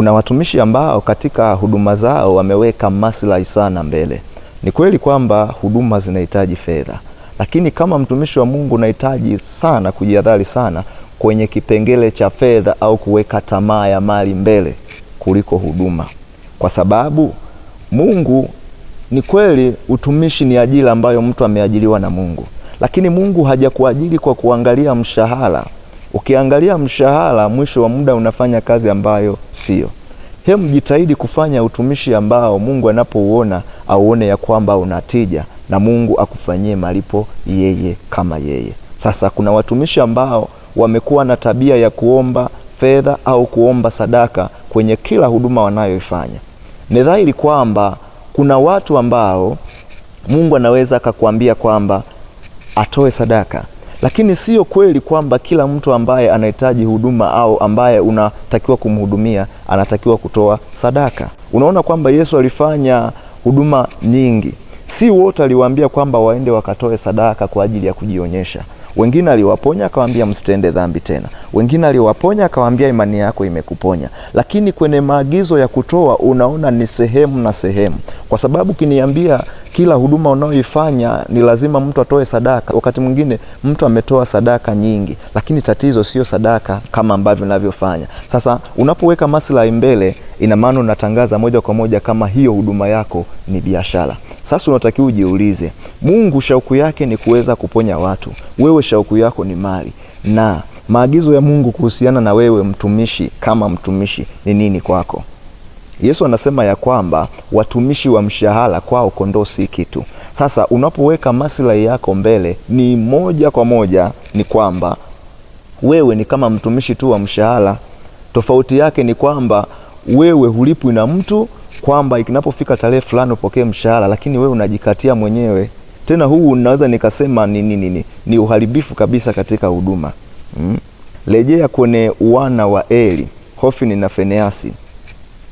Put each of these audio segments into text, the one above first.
kuna watumishi ambao katika huduma zao wameweka maslahi sana mbele. Ni kweli kwamba huduma zinahitaji fedha, lakini kama mtumishi wa Mungu unahitaji sana kujihadhari sana kwenye kipengele cha fedha au kuweka tamaa ya mali mbele kuliko huduma, kwa sababu Mungu ni kweli, utumishi ni ajira ambayo mtu ameajiriwa na Mungu, lakini Mungu hajakuajiri kwa kuangalia mshahara Ukiangalia mshahara, mwisho wa muda unafanya kazi ambayo sio. Hem, jitahidi kufanya utumishi ambao Mungu anapouona auone ya kwamba una tija na Mungu akufanyie malipo yeye kama yeye. Sasa kuna watumishi ambao wamekuwa na tabia ya kuomba fedha au kuomba sadaka kwenye kila huduma wanayoifanya. Ni dhahiri kwamba kuna watu ambao Mungu anaweza akakwambia kwamba atoe sadaka lakini sio kweli kwamba kila mtu ambaye anahitaji huduma au ambaye unatakiwa kumhudumia anatakiwa kutoa sadaka. Unaona kwamba Yesu alifanya huduma nyingi, si wote aliwaambia kwamba waende wakatoe sadaka kwa ajili ya kujionyesha. Wengine aliwaponya akawaambia msitende dhambi tena, wengine aliwaponya akawaambia imani yako imekuponya. Lakini kwenye maagizo ya kutoa, unaona ni sehemu na sehemu, kwa sababu kiniambia kila huduma unaoifanya ni lazima mtu atoe sadaka. Wakati mwingine mtu ametoa sadaka nyingi, lakini tatizo sio sadaka kama ambavyo unavyofanya sasa. Unapoweka maslahi mbele, ina maana unatangaza moja kwa moja kama hiyo huduma yako ni biashara. Sasa unatakiwa ujiulize, Mungu shauku yake ni kuweza kuponya watu, wewe shauku yako ni mali na maagizo ya Mungu kuhusiana na wewe mtumishi, kama mtumishi ni nini kwako? Yesu anasema ya kwamba watumishi wa mshahara kwao kondoo si kitu. Sasa unapoweka maslahi yako mbele, ni moja kwa moja ni kwamba wewe ni kama mtumishi tu wa mshahara. Tofauti yake ni kwamba wewe hulipwi na mtu kwamba inapofika tarehe fulani upokee mshahara, lakini wewe unajikatia mwenyewe. Tena huu naweza nikasema ni nini, ni, ni uharibifu kabisa katika huduma mm. Rejea kwenye wana wa Eli, Hofni na Feneasi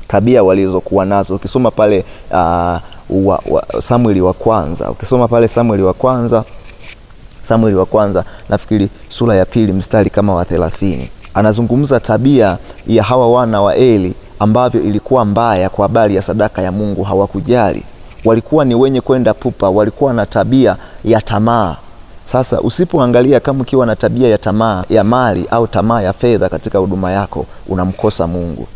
tabia walizokuwa nazo. Ukisoma pale uh, wa, wa, Samueli wa kwanza, ukisoma pale Samueli wa kwanza, Samueli wa kwanza nafikiri sura ya pili mstari kama wa thelathini anazungumza tabia ya hawa wana wa Eli ambavyo ilikuwa mbaya kwa habari ya sadaka ya Mungu. Hawakujali, walikuwa ni wenye kwenda pupa, walikuwa na tabia ya tamaa. Sasa usipoangalia, kama ukiwa na tabia ya tamaa ya mali au tamaa ya fedha katika huduma yako, unamkosa Mungu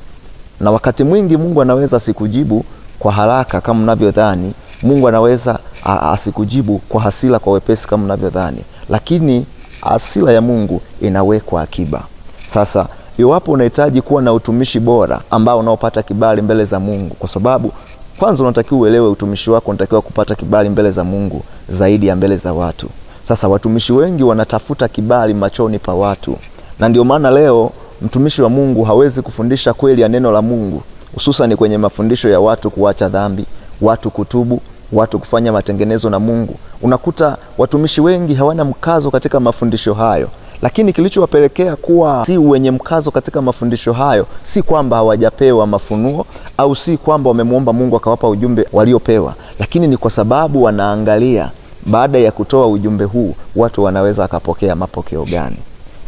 na wakati mwingi Mungu anaweza asikujibu kwa haraka kama mnavyodhani. Mungu anaweza asikujibu kwa hasira kwa wepesi kama mnavyodhani, lakini hasira ya Mungu inawekwa akiba. Sasa iwapo unahitaji kuwa na utumishi bora ambao unaopata kibali mbele za Mungu, kwa sababu kwanza unatakiwa uelewe utumishi wako unatakiwa kupata kibali mbele za Mungu zaidi ya mbele za watu. Sasa watumishi wengi wanatafuta kibali machoni pa watu, na ndio maana leo Mtumishi wa Mungu hawezi kufundisha kweli ya neno la Mungu, hususani kwenye mafundisho ya watu kuacha dhambi, watu kutubu, watu kufanya matengenezo na Mungu. Unakuta watumishi wengi hawana mkazo katika mafundisho hayo, lakini kilichowapelekea kuwa si wenye mkazo katika mafundisho hayo si kwamba hawajapewa mafunuo au si kwamba wamemwomba Mungu akawapa ujumbe waliopewa, lakini ni kwa sababu wanaangalia baada ya kutoa ujumbe huu watu wanaweza akapokea mapokeo gani.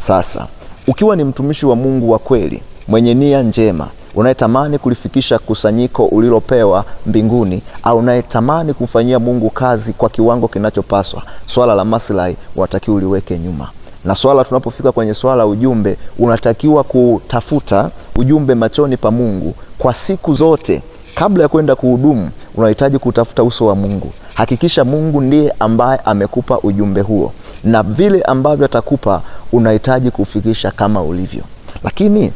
Sasa ukiwa ni mtumishi wa Mungu wa kweli mwenye nia njema unayetamani kulifikisha kusanyiko ulilopewa mbinguni au unayetamani kumfanyia Mungu kazi kwa kiwango kinachopaswa, swala la maslahi unatakiwa uliweke nyuma. Na swala tunapofika kwenye swala la ujumbe, unatakiwa kutafuta ujumbe machoni pa Mungu kwa siku zote. Kabla ya kwenda kuhudumu, unahitaji kutafuta uso wa Mungu. Hakikisha Mungu ndiye ambaye amekupa ujumbe huo, na vile ambavyo atakupa unahitaji kufikisha kama ulivyo, lakini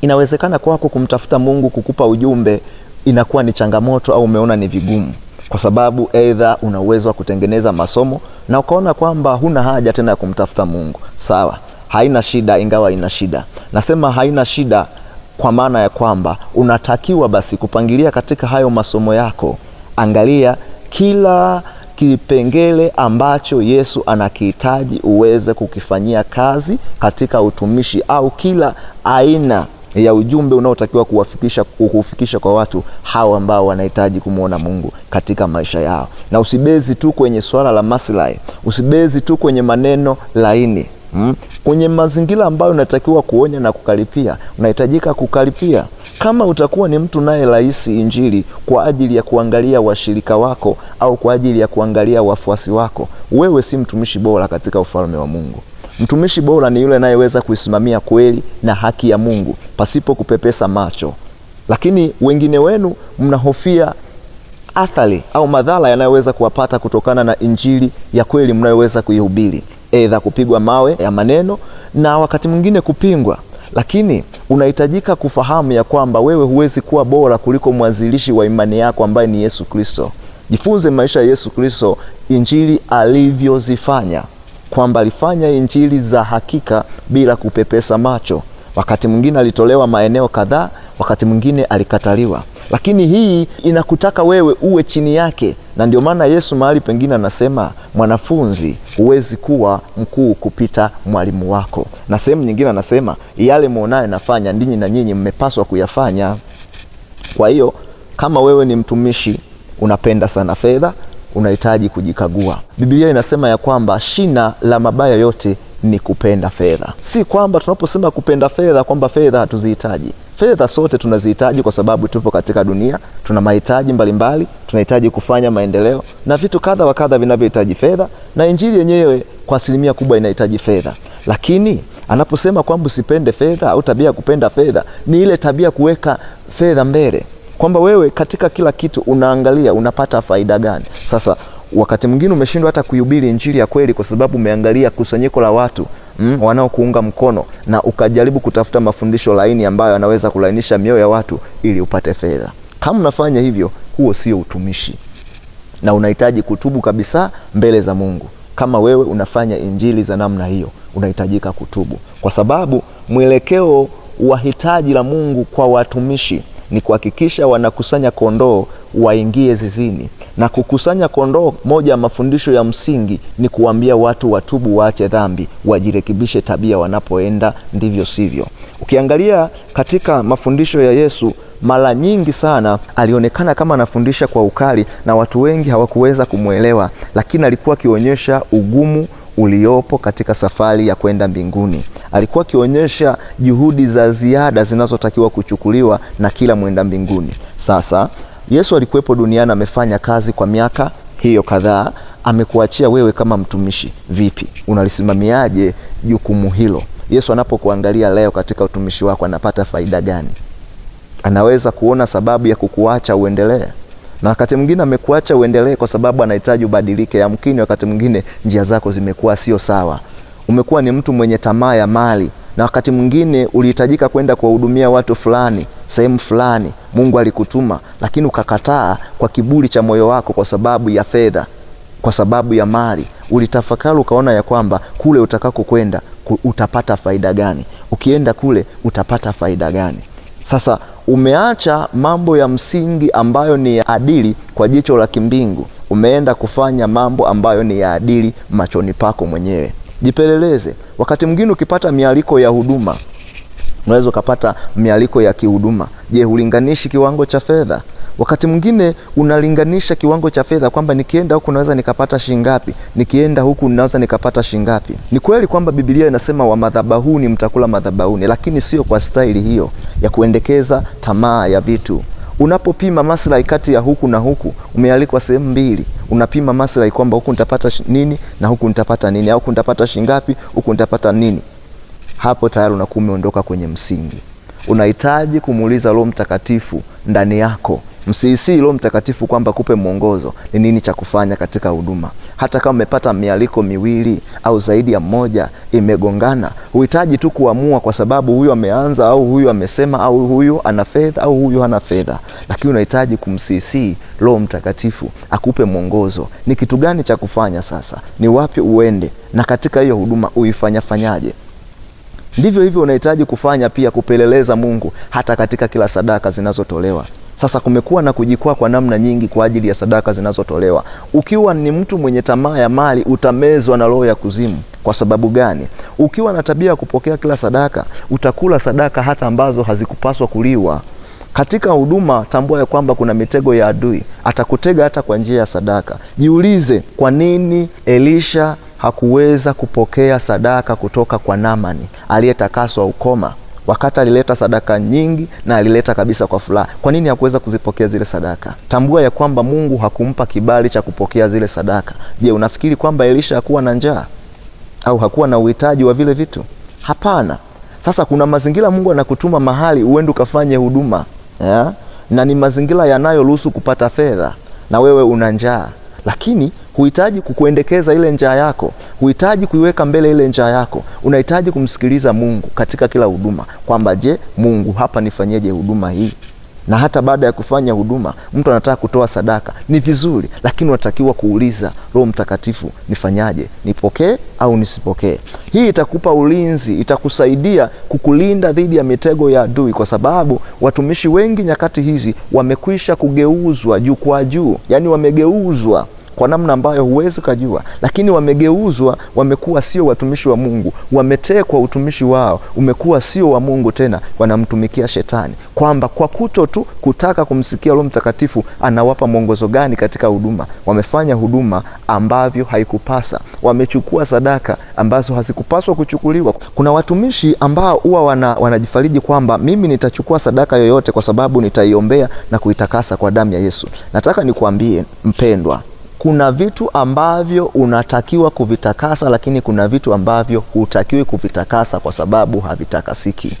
inawezekana kwako kumtafuta Mungu kukupa ujumbe inakuwa ni changamoto au umeona ni vigumu, kwa sababu aidha una uwezo wa kutengeneza masomo na ukaona kwamba huna haja tena ya kumtafuta Mungu. Sawa, haina shida, ingawa ina shida. Nasema haina shida kwa maana ya kwamba unatakiwa basi kupangilia katika hayo masomo yako, angalia kila kipengele ambacho Yesu anakihitaji uweze kukifanyia kazi katika utumishi au kila aina ya ujumbe unaotakiwa kuwafikisha kuufikisha kwa watu hawa ambao wanahitaji kumwona Mungu katika maisha yao, na usibezi tu kwenye swala la maslahi, usibezi tu kwenye maneno laini mm. Kwenye mazingira ambayo unatakiwa kuonya na kukaripia, unahitajika kukaripia. Kama utakuwa ni mtu naye rahisi Injili kwa ajili ya kuangalia washirika wako au kwa ajili ya kuangalia wafuasi wako, wewe si mtumishi bora katika ufalme wa Mungu. Mtumishi bora ni yule anayeweza kuisimamia kweli na haki ya Mungu pasipo kupepesa macho, lakini wengine wenu mnahofia athari au madhara yanayoweza kuwapata kutokana na injili ya kweli mnayoweza kuihubiri, edha kupigwa mawe ya maneno na wakati mwingine kupingwa lakini unahitajika kufahamu ya kwamba wewe huwezi kuwa bora kuliko mwanzilishi wa imani yako ambaye ni Yesu Kristo. Jifunze maisha ya Yesu Kristo, injili alivyozifanya, kwamba alifanya injili za hakika bila kupepesa macho. Wakati mwingine alitolewa maeneo kadhaa, wakati mwingine alikataliwa, lakini hii inakutaka wewe uwe chini yake na ndio maana Yesu mahali pengine anasema mwanafunzi, huwezi kuwa mkuu kupita mwalimu wako, na sehemu nyingine anasema yale mwonaye nafanya ndinyi na nyinyi mmepaswa kuyafanya. Kwa hiyo kama wewe ni mtumishi, unapenda sana fedha, unahitaji kujikagua. Biblia inasema ya kwamba shina la mabaya yote ni kupenda fedha. Si kwamba tunaposema kupenda fedha kwamba fedha hatuzihitaji. Fedha sote tunazihitaji, kwa sababu tupo katika dunia, tuna mahitaji mbalimbali tunahitaji kufanya maendeleo na vitu kadha wa kadha vinavyohitaji fedha, na injili yenyewe kwa asilimia kubwa inahitaji fedha. Lakini anaposema kwamba usipende fedha au tabia ya kupenda fedha, ni ile tabia kuweka fedha mbele, kwamba wewe katika kila kitu unaangalia unapata faida gani. Sasa wakati mwingine umeshindwa hata kuhubiri injili ya kweli kwa sababu umeangalia kusanyiko la watu Mm, wanaokuunga mkono na ukajaribu kutafuta mafundisho laini ambayo anaweza kulainisha mioyo ya watu ili upate fedha. Kama unafanya hivyo huo sio utumishi, na unahitaji kutubu kabisa mbele za Mungu. Kama wewe unafanya injili za namna hiyo, unahitajika kutubu, kwa sababu mwelekeo wa hitaji la Mungu kwa watumishi ni kuhakikisha wanakusanya kondoo waingie zizini. Na kukusanya kondoo, moja ya mafundisho ya msingi ni kuwambia watu watubu, waache dhambi, wajirekebishe tabia wanapoenda ndivyo sivyo. Ukiangalia katika mafundisho ya Yesu mara nyingi sana alionekana kama anafundisha kwa ukali na watu wengi hawakuweza kumwelewa, lakini alikuwa akionyesha ugumu uliopo katika safari ya kwenda mbinguni. Alikuwa akionyesha juhudi za ziada zinazotakiwa kuchukuliwa na kila mwenda mbinguni. Sasa Yesu alikuwepo duniani, amefanya kazi kwa miaka hiyo kadhaa, amekuachia wewe kama mtumishi. Vipi, unalisimamiaje jukumu hilo? Yesu anapokuangalia leo katika utumishi wako anapata faida gani? anaweza kuona sababu ya kukuacha uendelee, na wakati mwingine amekuacha uendelee kwa sababu anahitaji ubadilike. Yamkini wakati mwingine njia zako zimekuwa sio sawa, umekuwa ni mtu mwenye tamaa ya mali, na wakati mwingine ulihitajika kwenda kuwahudumia watu fulani sehemu fulani, Mungu alikutuma, lakini ukakataa kwa kiburi cha moyo wako, kwa sababu ya fedha, kwa sababu ya mali. Ulitafakari ukaona ya kwamba kule utakako kwenda utapata faida gani? Ukienda kule utapata faida gani? Sasa umeacha mambo ya msingi ambayo ni ya adili kwa jicho la kimbingu, umeenda kufanya mambo ambayo ni ya adili machoni pako mwenyewe. Jipeleleze. Wakati mwingine ukipata mialiko ya huduma unaweza ukapata mialiko ya kihuduma. Je, hulinganishi kiwango cha fedha? Wakati mwingine unalinganisha kiwango cha fedha kwamba nikienda huku naweza nikapata shingapi, nikienda huku naweza nikapata shingapi. Ni kweli kwamba Biblia inasema wa madhabahuni mtakula madhabahuni, lakini sio kwa staili hiyo ya kuendekeza tamaa ya vitu. Unapopima maslahi kati ya huku na huku, umealikwa sehemu mbili, unapima maslahi kwamba huku nitapata nini na huku nitapata nini, au huku nitapata shingapi, huku nitapata nini hapo tayari unakuwa umeondoka kwenye msingi. Unahitaji kumuuliza Roho Mtakatifu ndani yako, msisi Roho Mtakatifu kwamba kupe mwongozo ni nini cha kufanya katika huduma. Hata kama umepata mialiko miwili au zaidi ya mmoja imegongana, huhitaji tu kuamua, kwa sababu huyu ameanza au huyu amesema au huyu ana fedha au huyu hana fedha, lakini unahitaji kumsiisi Roho Mtakatifu akupe mwongozo, ni kitu gani cha kufanya sasa, ni wapi uende, na katika hiyo huduma uifanyafanyaje? Ndivyo hivyo unahitaji kufanya pia kupeleleza Mungu hata katika kila sadaka zinazotolewa. Sasa kumekuwa na kujikwaa kwa namna nyingi kwa ajili ya sadaka zinazotolewa. Ukiwa ni mtu mwenye tamaa ya mali, utamezwa na roho ya kuzimu. Kwa sababu gani? Ukiwa na tabia ya kupokea kila sadaka, utakula sadaka hata ambazo hazikupaswa kuliwa. Katika huduma, tambua ya kwamba kuna mitego ya adui, atakutega hata kwa njia ya sadaka. Jiulize, kwa nini Elisha hakuweza kupokea sadaka kutoka kwa Namani aliyetakaswa ukoma, wakati alileta sadaka nyingi na alileta kabisa kwa furaha. Kwa nini hakuweza kuzipokea zile sadaka? Tambua ya kwamba Mungu hakumpa kibali cha kupokea zile sadaka. Je, unafikiri kwamba Elisha hakuwa na njaa au hakuwa na uhitaji wa vile vitu? Hapana. Sasa kuna mazingira Mungu anakutuma mahali uende ukafanye huduma yeah? na ni mazingira yanayoruhusu kupata fedha na wewe una njaa, lakini Huhitaji kukuendekeza ile njaa yako, huhitaji kuiweka mbele ile njaa yako. Unahitaji kumsikiliza Mungu katika kila huduma, kwamba je, Mungu hapa nifanyeje huduma hii? Na hata baada ya kufanya huduma, mtu anataka kutoa sadaka, ni vizuri, lakini unatakiwa kuuliza Roho Mtakatifu, nifanyaje? Nipokee au nisipokee? Hii itakupa ulinzi, itakusaidia kukulinda dhidi ya mitego ya adui, kwa sababu watumishi wengi nyakati hizi wamekwisha kugeuzwa juu kwa juu, yaani wamegeuzwa kwa namna ambayo huwezi kujua, lakini wamegeuzwa, wamekuwa sio watumishi wa Mungu, wametekwa utumishi wao, umekuwa sio wa Mungu tena, wanamtumikia shetani, kwamba kwa kuto tu kutaka kumsikia Roho Mtakatifu anawapa mwongozo gani katika huduma, wamefanya huduma ambavyo haikupasa, wamechukua sadaka ambazo hazikupaswa kuchukuliwa. Kuna watumishi ambao huwa wana, wanajifariji kwamba mimi nitachukua sadaka yoyote kwa sababu nitaiombea na kuitakasa kwa damu ya Yesu. Nataka nikuambie mpendwa kuna vitu ambavyo unatakiwa kuvitakasa, lakini kuna vitu ambavyo hutakiwi kuvitakasa kwa sababu havitakasiki.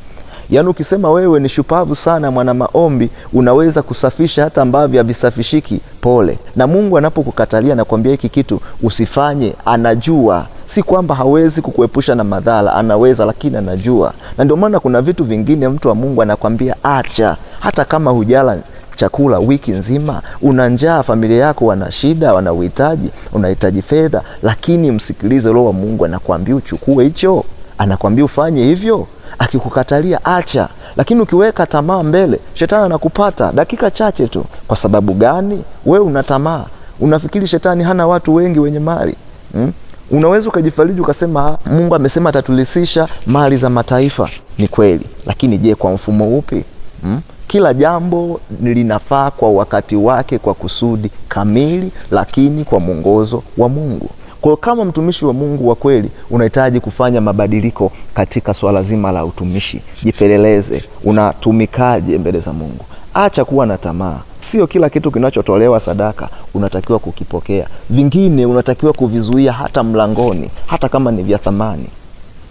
Yaani, ukisema wewe ni shupavu sana, mwana maombi, unaweza kusafisha hata ambavyo havisafishiki, pole. Na Mungu anapokukatalia na kuambia hiki kitu usifanye, anajua si kwamba hawezi kukuepusha na madhara, anaweza, lakini anajua. Na ndio maana kuna vitu vingine mtu wa Mungu anakwambia acha, hata kama hujala chakula wiki nzima, una njaa, familia yako wana shida, wana uhitaji, unahitaji fedha, lakini msikilize Roho wa Mungu anakuambia uchukue hicho, anakuambia ufanye hivyo. Akikukatalia acha, lakini ukiweka tamaa mbele, shetani anakupata dakika chache tu. Kwa sababu gani? Wewe una tamaa, unafikiri shetani hana watu wengi wenye mali hmm? Unaweza ukajifariji ukasema Mungu amesema atatulisisha mali za mataifa. Ni kweli, lakini je, kwa mfumo upi? hmm? kila jambo linafaa kwa wakati wake kwa kusudi kamili, lakini kwa mwongozo wa Mungu. Kwa hiyo kama mtumishi wa Mungu wa kweli unahitaji kufanya mabadiliko katika swala zima la utumishi. Jipeleleze, unatumikaje mbele za Mungu? Acha kuwa na tamaa. Sio kila kitu kinachotolewa sadaka unatakiwa kukipokea, vingine unatakiwa kuvizuia hata mlangoni, hata kama ni vya thamani.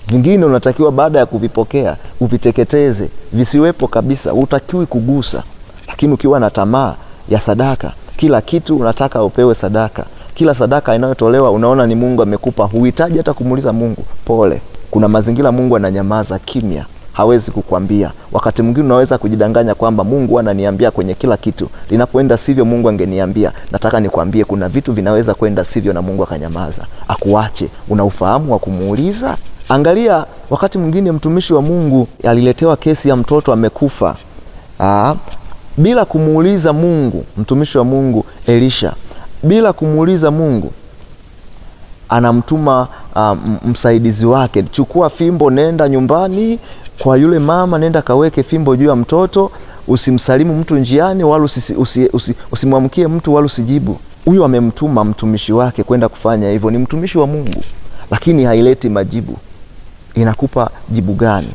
Vingine unatakiwa baada ya kuvipokea uviteketeze, visiwepo kabisa, utakiwi kugusa. Lakini ukiwa na tamaa ya sadaka, kila kitu unataka upewe sadaka, kila sadaka inayotolewa unaona ni Mungu amekupa, huhitaji hata kumuuliza Mungu. Pole, kuna mazingira Mungu ananyamaza kimya, hawezi kukwambia. Wakati mwingine unaweza kujidanganya kwamba Mungu ananiambia kwenye kila kitu, linapoenda sivyo Mungu angeniambia. Nataka nikwambie kuna vitu vinaweza kwenda sivyo na Mungu akanyamaza, akuache. Una ufahamu wa kumuuliza? Angalia, wakati mwingine mtumishi wa Mungu aliletewa kesi ya mtoto amekufa, aa, bila kumuuliza Mungu, mtumishi wa Mungu Elisha bila kumuuliza Mungu anamtuma uh, msaidizi wake, chukua fimbo, nenda nyumbani kwa yule mama, nenda kaweke fimbo juu ya mtoto, usimsalimu mtu njiani, wala usimwamkie usi, usi, usi mtu wala usijibu. Huyu amemtuma mtumishi wake kwenda kufanya hivyo, ni mtumishi wa Mungu, lakini haileti majibu inakupa jibu gani?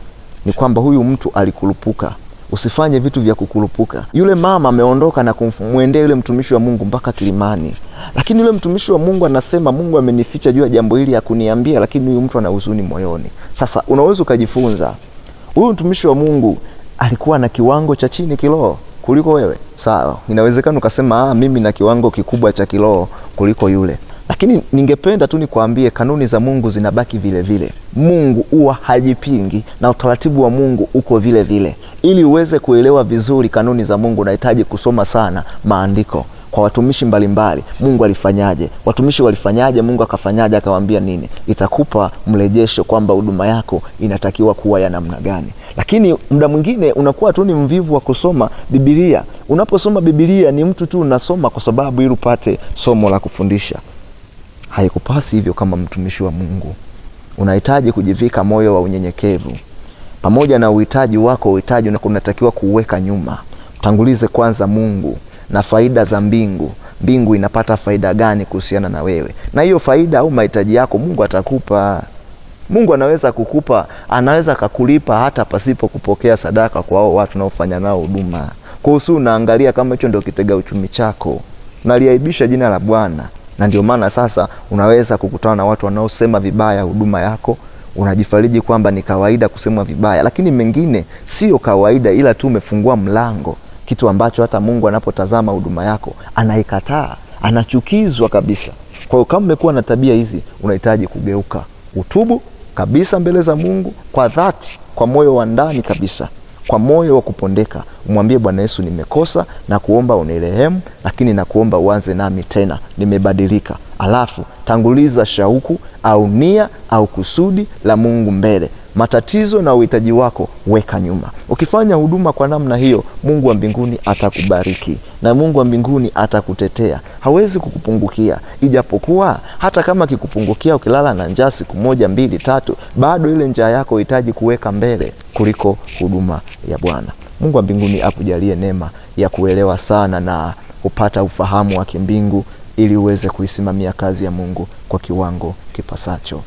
Ni kwamba huyu mtu alikulupuka. Usifanye vitu vya kukulupuka. Yule mama ameondoka na kumwendea yule mtumishi wa Mungu mpaka kilimani, lakini yule mtumishi wa Mungu anasema, Mungu amenificha juu ya jambo hili ya kuniambia, lakini huyu mtu ana huzuni moyoni. Sasa unaweza ukajifunza, huyu mtumishi wa Mungu alikuwa na kiwango cha chini kiroho kuliko wewe. Sawa, inawezekana ukasema, ah, mimi na kiwango kikubwa cha kiroho kuliko yule lakini ningependa tu nikwambie kanuni za Mungu zinabaki vile vile. Mungu huwa hajipingi na utaratibu wa Mungu uko vile vile. Ili uweze kuelewa vizuri kanuni za Mungu unahitaji kusoma sana maandiko kwa watumishi mbalimbali mbali. Mungu alifanyaje? Watumishi walifanyaje? Mungu akafanyaje? Akawaambia nini? Itakupa mrejesho kwamba huduma yako inatakiwa kuwa ya namna gani. Lakini muda mwingine unakuwa tu ni mvivu wa kusoma Bibilia. Unaposoma Bibilia ni mtu tu unasoma kwa sababu ili upate somo la kufundisha haikupasi hivyo. Kama mtumishi wa Mungu unahitaji kujivika moyo wa unyenyekevu pamoja na uhitaji wako. Uhitaji unatakiwa kuuweka nyuma, tangulize kwanza Mungu na faida za mbingu. Mbingu inapata faida gani kuhusiana na wewe? Na hiyo faida au mahitaji yako Mungu atakupa. Mungu anaweza kukupa, anaweza kakulipa hata pasipo kupokea sadaka kwa hao watu naofanya nao huduma. Kuhusu hiyo unaangalia kama hicho ndio kitega uchumi chako, naliaibisha jina la Bwana na ndio maana sasa unaweza kukutana na watu wanaosema vibaya huduma yako, unajifariji kwamba ni kawaida kusemwa vibaya, lakini mengine sio kawaida, ila tu umefungua mlango, kitu ambacho hata Mungu anapotazama huduma yako anaikataa, anachukizwa kabisa. Kwa hiyo kama umekuwa na tabia hizi, unahitaji kugeuka, utubu kabisa mbele za Mungu kwa dhati, kwa moyo wa ndani kabisa kwa moyo wa kupondeka, umwambie Bwana Yesu, nimekosa na kuomba unirehemu, lakini nakuomba uanze nami tena, nimebadilika. Alafu tanguliza shauku au nia au kusudi la Mungu mbele matatizo na uhitaji wako weka nyuma. Ukifanya huduma kwa namna hiyo, Mungu wa mbinguni atakubariki na Mungu wa mbinguni atakutetea, hawezi kukupungukia. Ijapokuwa hata kama kikupungukia ukilala na njaa siku moja mbili tatu, bado ile njaa yako uhitaji kuweka mbele kuliko huduma ya Bwana. Mungu wa mbinguni akujalie neema ya kuelewa sana na kupata ufahamu wa kimbingu ili uweze kuisimamia kazi ya Mungu kwa kiwango kipasacho.